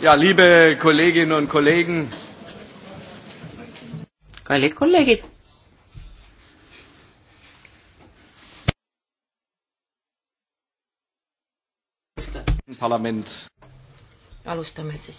Ja, liebe Kolleginnen und Kollegen. Kallid kolleegid. Parlament. Alustame siis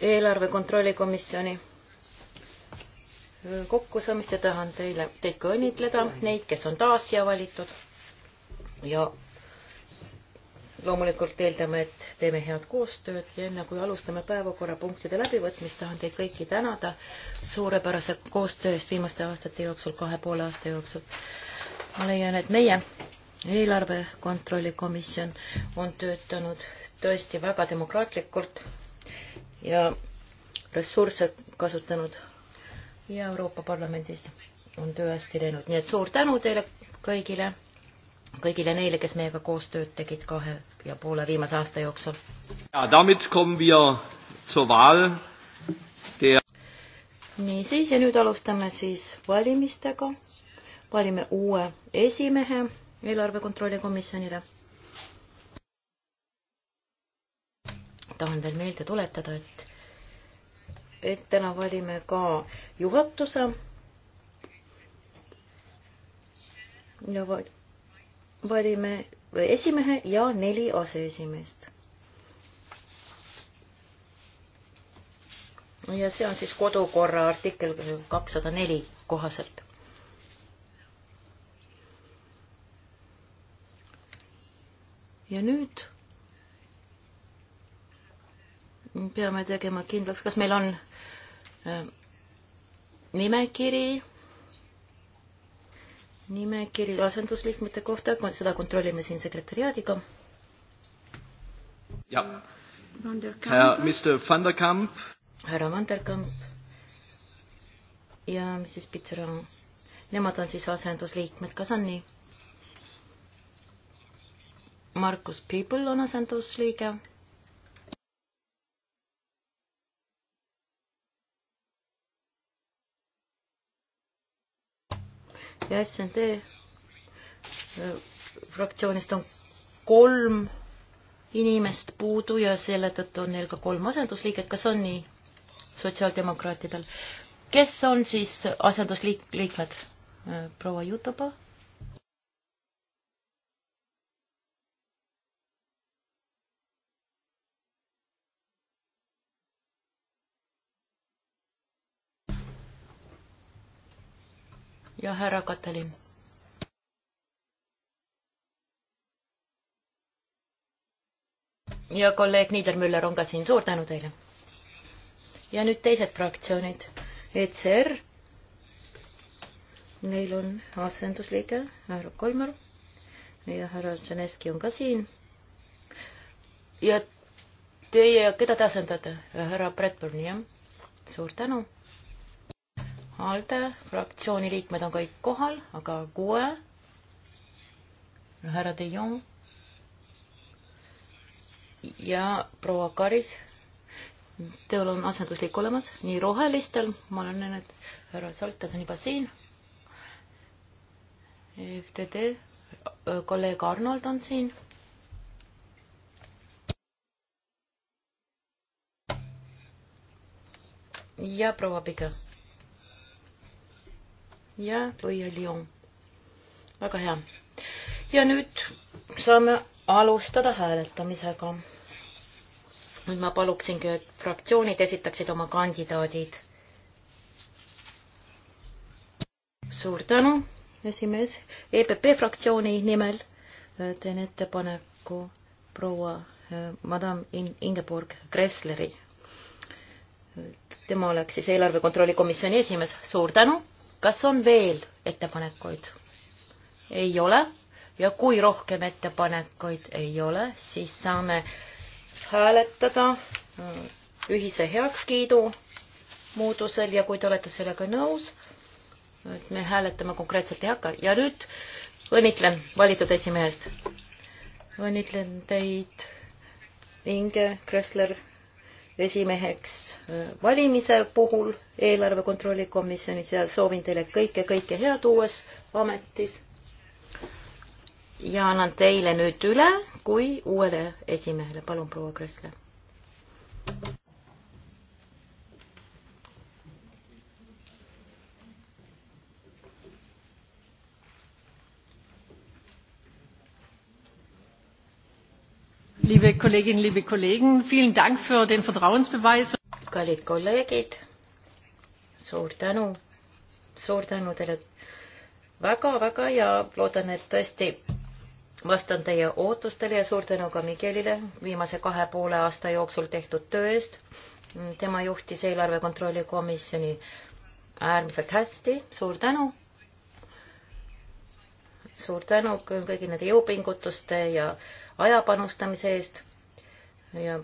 eelarve kontrollikomisjoni kokkusaamist ja tahan teile, teid ka õnnitleda, neid, kes on taas siia valitud ja loomulikult eeldame, et teeme head koostööd ja enne kui alustame päevakorrapunktide läbivõtmist, tahan teid kõiki tänada suurepärase koostöö eest viimaste aastate jooksul, kahe poole aasta jooksul. ma leian, et meie eelarve kontrolli komisjon on töötanud tõesti väga demokraatlikult ja ressursse kasutanud ja Euroopa Parlamendis on töö hästi läinud, nii et suur tänu teile kõigile kõigile neile, kes meiega koostööd tegid kahe ja poole viimase aasta jooksul. niisiis ja nüüd alustame siis valimistega. valime uue esimehe eelarve kontrolli komisjonile. tahan teil meelde tuletada, et, et täna valime ka juhatuse ja valime esimehe ja neli aseesimeest. ja see on siis kodukorra artikkel kakssada neli kohaselt. ja nüüd peame tegema kindlaks, kas meil on äh, nimekiri nimekiri asendusliikmete kohta, seda kontrollime siin sekretäriaadiga. jah. Mr Van der Kamp. härra Van der Kamp ja Mrs Pitseron. Nemad on siis asendusliikmed, kas on nii? Markus Piibel on asendusliige ja SND äh, fraktsioonist on kolm inimest puudu ja selle tõttu on neil ka kolm asendusliiget, kas on nii sotsiaaldemokraatidel? kes on siis asendusliikmed? Äh, proua Jutova ja härra Katalin. ja kolleeg Niedermüller on ka siin, suur tänu teile. ja nüüd teised fraktsioonid, ECR, neil on asendusliige härra Kolmar ja härra Tšeneski on ka siin. ja teie, keda te asendate? härra Bradburni, jah? suur tänu ALDE fraktsiooni liikmed on kõik kohal, aga kuue, härra De Jong ja proua Karis, teil on asenduslik olemas, nii rohelistel, ma olen näinud, härra Soltas on juba siin, FTD, kolleeg Arnold on siin ja proua Pika ja Louis Lyon. väga hea. ja nüüd saame alustada hääletamisega. nüüd ma paluksingi, et fraktsioonid esitaksid oma kandidaadid. suur tänu, esimees. EPP fraktsiooni nimel äh, teen ettepaneku proua äh, madam Ingeborg Kressleri. Äh, tema oleks siis eelarve kontrolli komisjoni esimees. suur tänu kas on veel ettepanekuid? ei ole ja kui rohkem ettepanekuid ei ole, siis saame hääletada mm, ühise heakskiidu muudusel ja kui te olete sellega nõus, et me hääletama konkreetselt ei hakka ja nüüd õnnitlen valitud esimehest. õnnitlen teid, Inge Kressler esimeheks äh, valimise puhul eelarve kontrolli komisjonis ja soovin teile kõike, kõike head uues ametis. ja annan teile nüüd üle kui uuele esimehele, palun, proua Kressle liebe Kolleginnen, liebe Kollegen, vielen Dank für den Vertrauensbeweis. kallid kolleegid, suur tänu, suur tänu teile väga-väga ja loodan, et tõesti vastan teie ootustele ja suur tänu ka Mikelile viimase kahe poole aasta jooksul tehtud töö eest. tema juhtis eelarve kontrolli komisjoni äärmiselt hästi, suur tänu suur tänu kõigi nende jõupingutuste ja aja panustamise eest. ja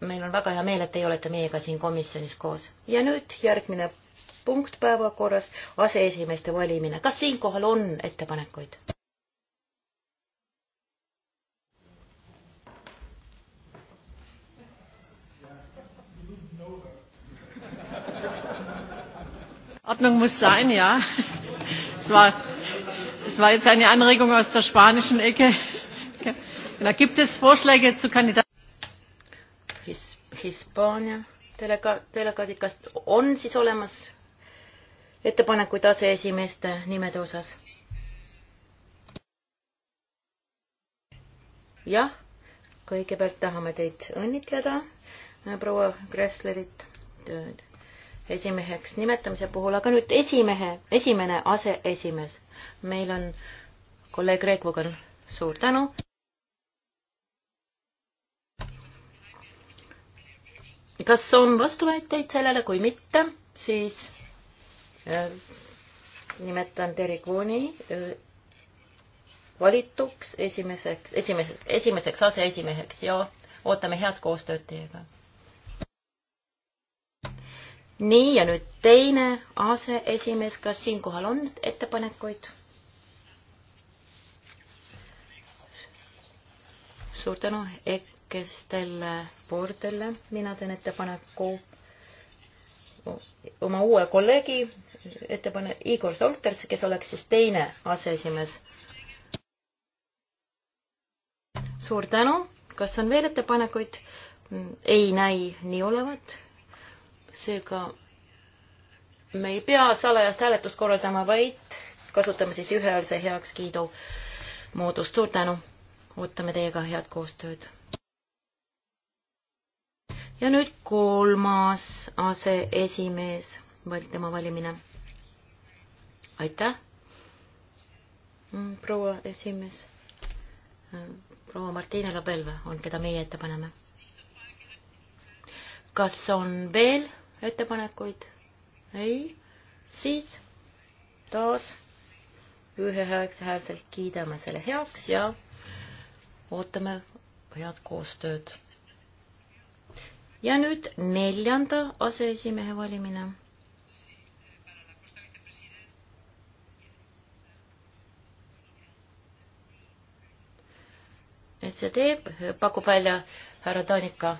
meil on väga hea meel, et teie olete meiega siin komisjonis koos. ja nüüd järgmine punkt päevakorras, aseesimeeste valimine. kas siinkohal on ettepanekuid? Ordnung muss sein, ja. Es war das war jetzt eine Anregung aus der spanischen Ecke. Da gibt es Vorschläge zu Kandidaten? His, Hispaania delega-, delegaadid, kas on siis olemas ettepanekuid aseesimeeste nimede osas? jah, kõigepealt tahame teid õnnitleda, proua Kresslerit, esimeheks nimetamise puhul, aga nüüd esimehe, esimene aseesimees. meil on kolleeg Reekvogan, suur tänu. kas on vastuväiteid sellele, kui mitte, siis äh, nimetan Terri Kuuni äh, valituks esimeseks, esimeseks, esimeseks aseesimeheks ja ootame head koostööd teiega nii, ja nüüd teine aseesimees, kas siinkohal on ettepanekuid? suur tänu Ekkestele Bordele, mina teen ettepaneku oma uue kolleegi ettepane-, Igor Solters, kes oleks siis teine aseesimees. suur tänu, kas on veel ettepanekuid? Mm, ei näi nii olevat seega me ei pea salajast hääletust korraldama, vaid kasutame siis ühehäälse heakskiidu moodust. suur tänu, ootame teiega head koostööd. ja nüüd kolmas aseesimees, tema valimine. aitäh, mm, proua esimees. Mm, proua Martina Labelva on, keda meie ette paneme. kas on veel ettepanekuid? ei, siis taas ühehäälselt kiidame selle heaks ja ootame head koostööd. ja nüüd neljanda aseesimehe valimine SED pakub välja härra Tanika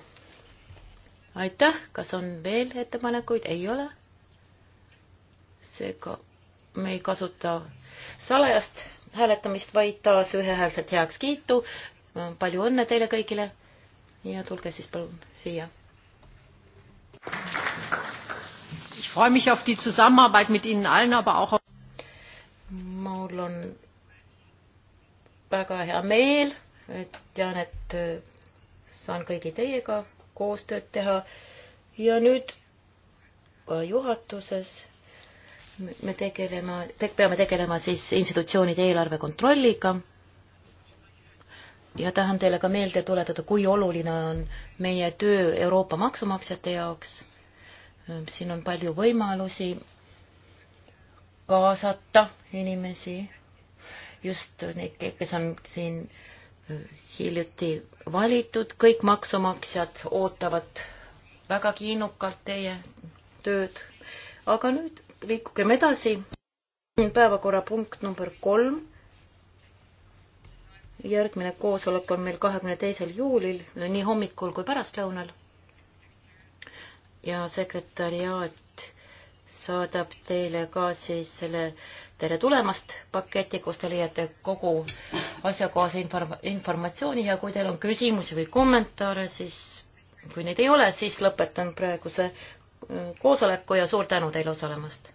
aitäh, kas on veel ettepanekuid, ei ole? seega me ei kasuta salajast hääletamist, vaid taas ühehäälset heakskiitu. palju õnne teile kõigile ja tulge siis palun siia. mul on väga hea meel, et tean, et äh, saan kõigi teiega koostööd teha ja nüüd ka äh, juhatuses me tegelema te,, peame tegelema siis institutsioonide eelarve kontrolliga ja tahan teile ka meelde tuletada, kui oluline on meie töö Euroopa maksumaksjate jaoks. Ähm, siin on palju võimalusi kaasata inimesi, just neid, kes on siin äh, hiljuti valitud, kõik maksumaksjad ootavad vägagi innukalt teie tööd. aga nüüd liikugem edasi. päevakorrapunkt number kolm. järgmine koosolek on meil kahekümne teisel juulil, nii hommikul kui pärastlõunal. ja sekretäriaat saadab teile ka siis selle tere tulemast paketi, kus te leiate kogu asjakohase inform-, informatsiooni ja kui teil on küsimusi või kommentaare, siis kui neid ei ole, siis lõpetan praeguse äh, koosoleku ja suur tänu teile osalemast!